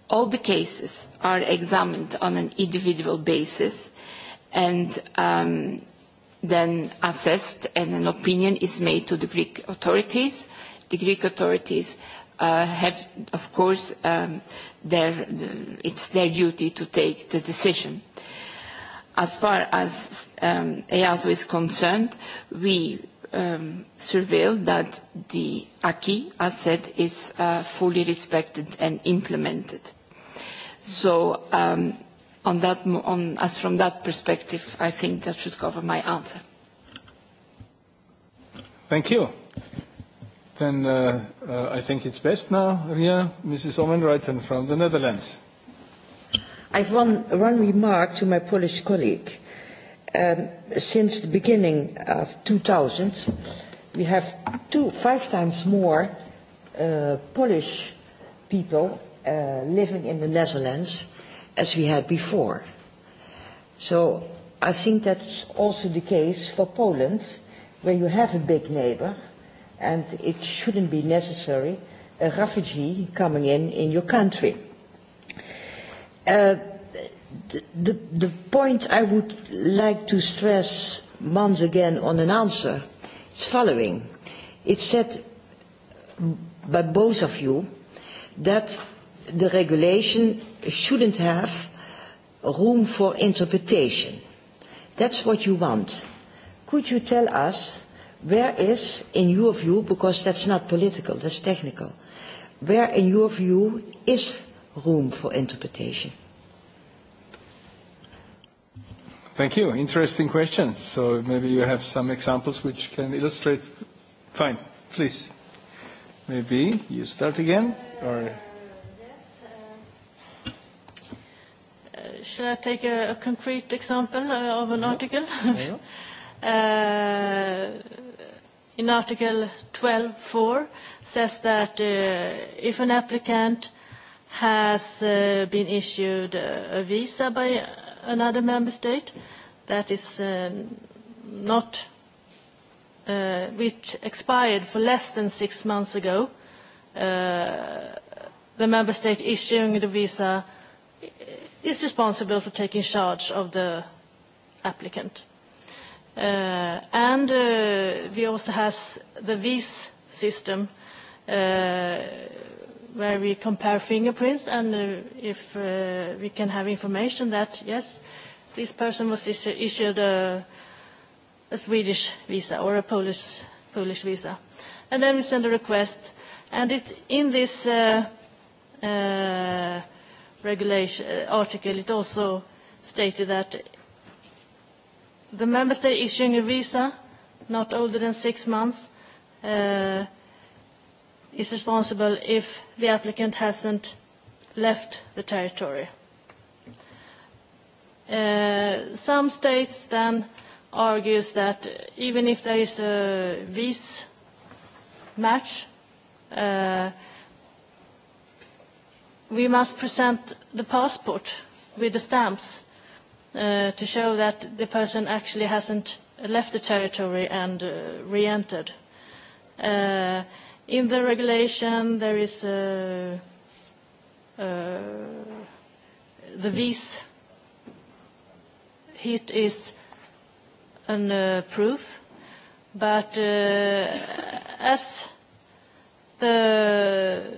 all the cases are examined on an individual basis and um, then assessed and an opinion is made to the Greek authorities. The Greek authorities uh, have, of course, um, their, it's their duty to take the decision. As far as um, EASO is concerned, we um, surveil that the acquis, as said, is uh, fully respected and implemented So um, on that, on, as from that perspective, I think that should cover my answer. Thank you. Then uh, uh, I think it's best now, Ria, Mrs. Omenreuthen from the Netherlands. I have one, one remark to my Polish colleague. Um, since the beginning of 2000, we have two, five times more uh, Polish people uh, living in the Netherlands as we had before. So I think that's also the case for Poland, where you have a big neighbor, and it shouldn't be necessary a refugee coming in in your country. Uh, the, the point I would like to stress once again on an answer is following. It's said by both of you that the regulation shouldn't have room for interpretation. That's what you want. Could you tell us where is, in your view, because that's not political, that's technical, where, in your view, is room for interpretation? Thank you. Interesting question. So maybe you have some examples which can illustrate. Fine, please. Maybe you start again, or Shall I take a, a concrete example uh, of an article? uh, in Article 12.4 says that uh, if an applicant has uh, been issued a visa by another member state that is uh, not uh, which expired for less than six months ago, uh, the member state issuing the visa is responsible for taking charge of the applicant. and we also have the VIS system where we compare fingerprints and if uh we can have information that, yes, this person was issued a a Swedish visa or a Polish Polish visa. And then we send a request, and it in this uh, uh, regulation article, it also stated that the member state issuing a visa not older than six months uh, is responsible if the applicant hasn't left the territory. Uh, some states then argues that even if there is a visa match, uh, we must present the passport with the stamps uh, to show that the person actually hasn't left the territory and uh, re-entered. Uh, in the regulation, there is uh, uh, the visa It is a uh, proof, but uh, as the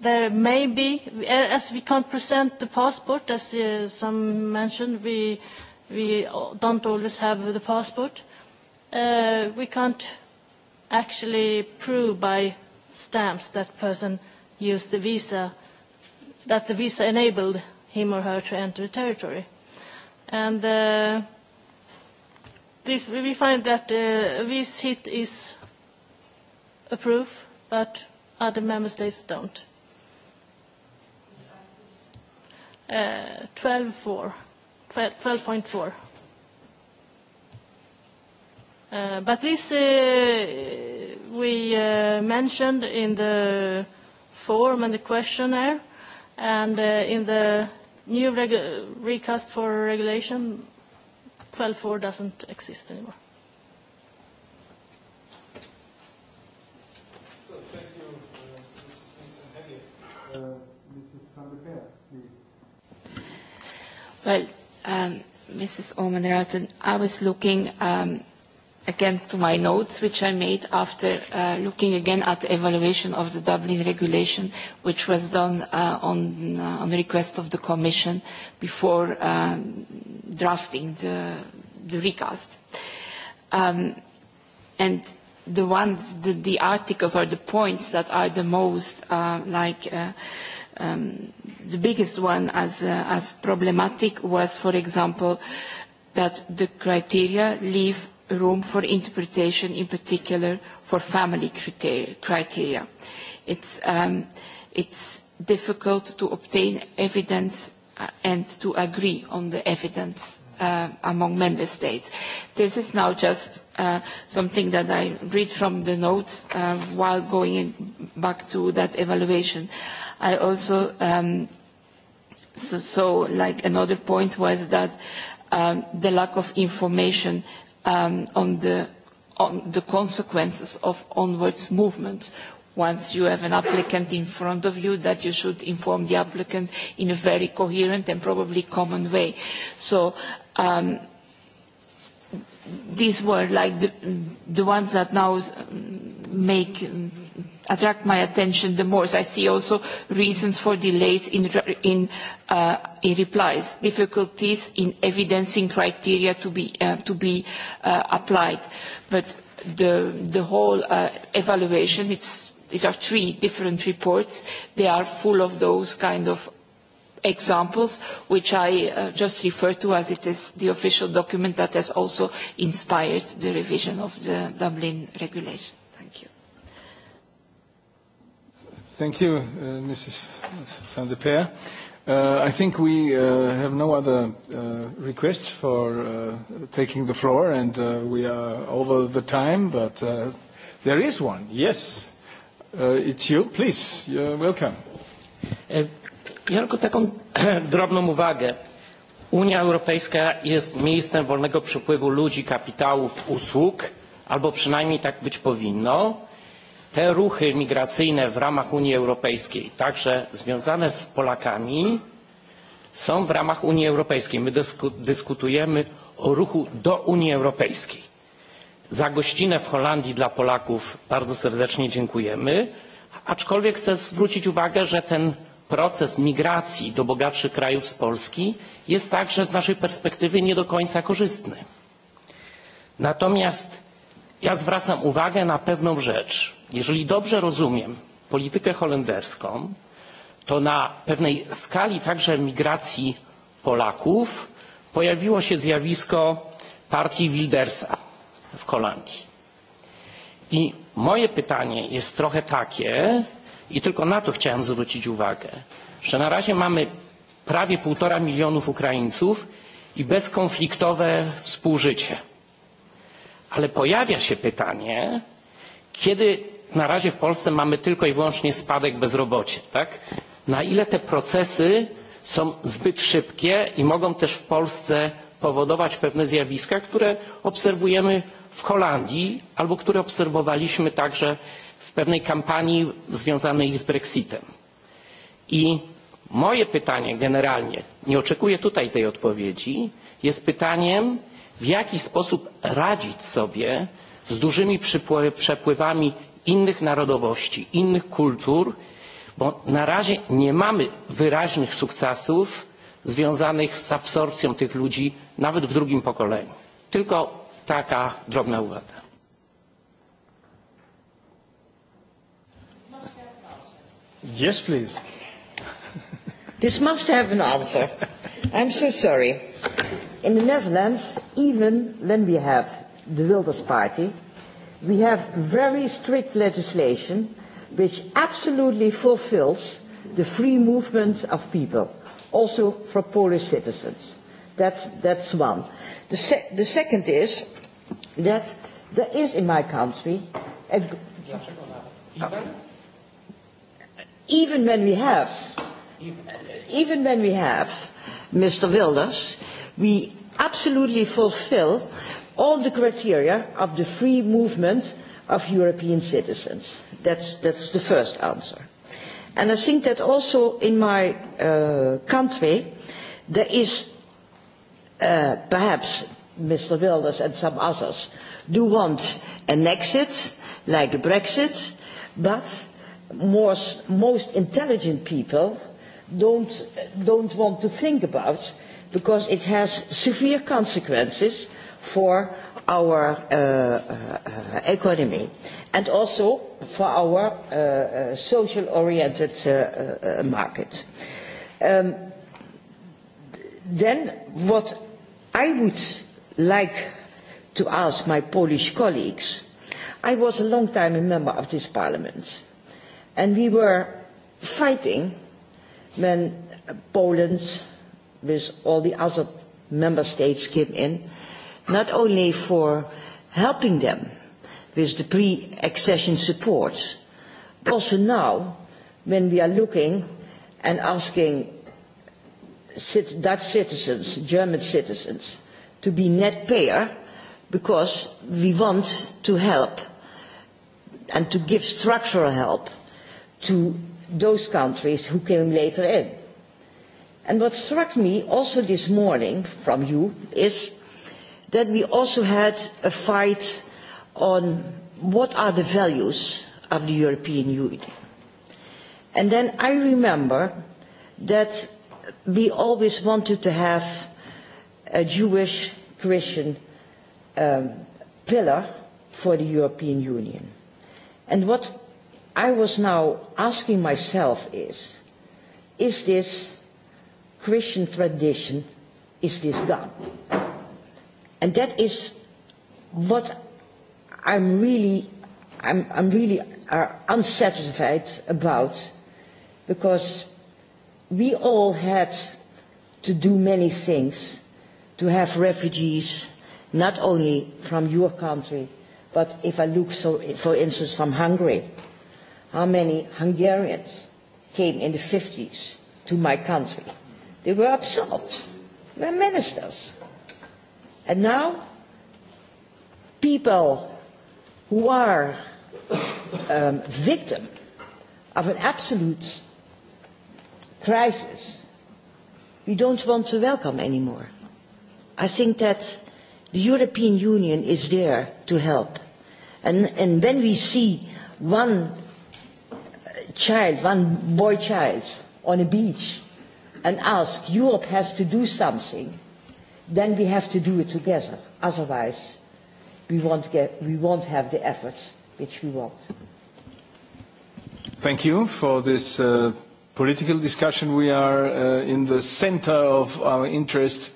There may be, as we can't present the passport, as uh, some mentioned, we, we don't always have the passport. Uh, we can't actually prove by stamps that person used the visa, that the visa enabled him or her to enter the territory. And uh, this, we find that uh, this hit is a proof, but other member states don't. 12.4. but this we uh, mentioned in the form and the questionnaire, and uh, in the new reg recast for regulation, 12.4 doesn't exist anymore. Well, um, Mrs. Omenraten, I was looking um, again to my notes, which I made after uh, looking again at the evaluation of the Dublin regulation, which was done uh, on, uh, on request of the Commission before um, drafting the, the recast. Um, and the ones, the, the articles or the points that are the most uh, like uh, the biggest one as, uh, as problematic was, for example, that the criteria leave room for interpretation, in particular for family criteria. It's, um, it's difficult to obtain evidence and to agree on the evidence uh, among member states. This is now just uh, something that I read from the notes uh, while going in back to that evaluation. Uh, I also, um, so, so like another point was that um, the lack of information um, on the on the consequences of onwards movements. Once you have an applicant in front of you, that you should inform the applicant in a very coherent and probably common way. So um, these were like the, the ones that now make attract my attention the most. I see also reasons for delays in, in, uh, in replies, difficulties in evidencing criteria to be, uh, to be uh, applied. But the, the whole uh, evaluation, it's, it are three different reports. They are full of those kind of examples which I uh, just refer to as it is the official document that has also inspired the revision of the Dublin regulation. Thank you. Thank you, uh, Mrs. van de Peer. Uh, I think we uh, have no other uh, requests for uh, taking the floor, and uh, we are over the time, but uh, there is one. Yes, uh, it's you. Please, you're welcome. Uh, Ja tylko taką drobną uwagę. Unia Europejska jest miejscem wolnego przepływu ludzi, kapitałów, usług, albo przynajmniej tak być powinno. Te ruchy migracyjne w ramach Unii Europejskiej, także związane z Polakami, są w ramach Unii Europejskiej. My dyskutujemy o ruchu do Unii Europejskiej. Za gościnę w Holandii dla Polaków bardzo serdecznie dziękujemy, aczkolwiek chcę zwrócić uwagę, że ten proces migracji do bogatszych krajów z Polski jest także z naszej perspektywy nie do końca korzystny. Natomiast ja zwracam uwagę na pewną rzecz. Jeżeli dobrze rozumiem politykę holenderską, to na pewnej skali także migracji Polaków pojawiło się zjawisko partii Wildersa w Holandii. I moje pytanie jest trochę takie, I tylko na to chciałem zwrócić uwagę, że na razie mamy prawie półtora milionów Ukraińców i bezkonfliktowe współżycie. Ale pojawia się pytanie, kiedy na razie w Polsce mamy tylko i wyłącznie spadek bezrobocia, tak? na ile te procesy są zbyt szybkie i mogą też w Polsce powodować pewne zjawiska, które obserwujemy w Holandii albo które obserwowaliśmy także w pewnej kampanii związanej z Brexitem. I moje pytanie generalnie, nie oczekuję tutaj tej odpowiedzi, jest pytaniem, w jaki sposób radzić sobie z dużymi przepływami innych narodowości, innych kultur, bo na razie nie mamy wyraźnych sukcesów związanych z absorpcją tych ludzi nawet w drugim pokoleniu. Tylko taka drobna uwaga. Yes, please. This must have an answer. I'm so sorry. In the Netherlands, even when we have the Wilders Party, we have very strict legislation which absolutely fulfills the free movement of people, also for Polish citizens. That's, that's one. The, se- the second is that there is in my country a even when we have, even when we have Mr. Wilders, we absolutely fulfill all the criteria of the free movement of European citizens. That's, that's the first answer. And I think that also in my uh, country, there is uh, perhaps Mr. Wilders and some others do want an exit, like a Brexit, but most, most intelligent people don't, don't want to think about because it has severe consequences for our uh, uh, economy and also for our uh, uh, social-oriented uh, uh, market. Um, then what I would like to ask my Polish colleagues, I was a long time a member of this parliament And we were fighting when Poland, with all the other member states, came in, not only for helping them with the pre-accession support, but also now when we are looking and asking Dutch citizens, German citizens, to be net payer because we want to help and to give structural help to those countries who came later in. And what struck me also this morning from you is that we also had a fight on what are the values of the European Union. And then I remember that we always wanted to have a Jewish Christian um, pillar for the European Union. And what I was now asking myself is, is this Christian tradition, is this God? And that is what I'm really, I'm, I'm really uh, unsatisfied about, because we all had to do many things to have refugees, not only from your country, but if I look, so, for instance, from Hungary, how many Hungarians came in the 50s to my country. They were absolved. They were ministers. And now, people who are um, victim of an absolute crisis, we don't want to welcome anymore. I think that the European Union is there to help. And, and when we see one child, one boy child, on a beach and ask, Europe has to do something, then we have to do it together. Otherwise, we won't, get, we won't have the efforts which we want. Thank you for this uh, political discussion. We are uh, in the center of our interest.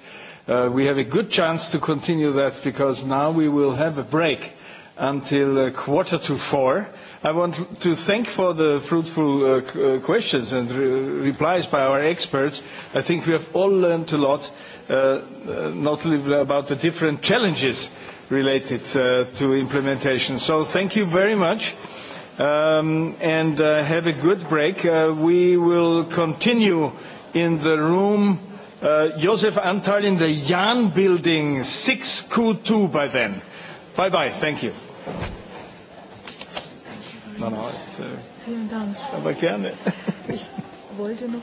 Uh, we have a good chance to continue that because now we will have a break until uh, quarter to four I want to thank for the fruitful uh, questions and re replies by our experts. I think we have all learned a lot, uh, not only about the different challenges related uh, to implementation. So thank you very much um, and uh, have a good break. Uh, we will continue in the room uh, Josef Antal in the Jan building 6Q2 by then. Bye-bye. Thank you. Vielen Dank. Aber gerne. Ich wollte noch